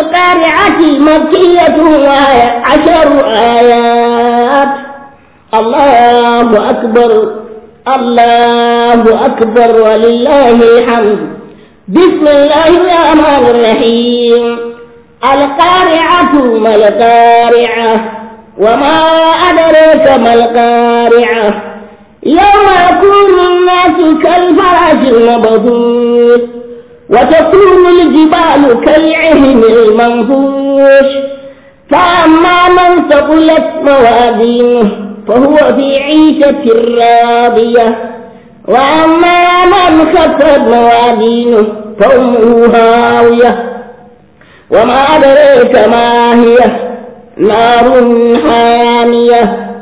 القارعة مكية عشر آيات الله أكبر الله أكبر ولله الحمد بسم الله الرحمن الرحيم القارعة ما القارعة وما أدرك ما القارعة يوم يكون الناس كالفرس المبثوث وتكون الجبال كالعهن المنفوش فأما من ثقلت موازينه فهو في عيشة راضية وأما من خفت موازينه فأمه هاوية وما أدريك ما هي نار حامية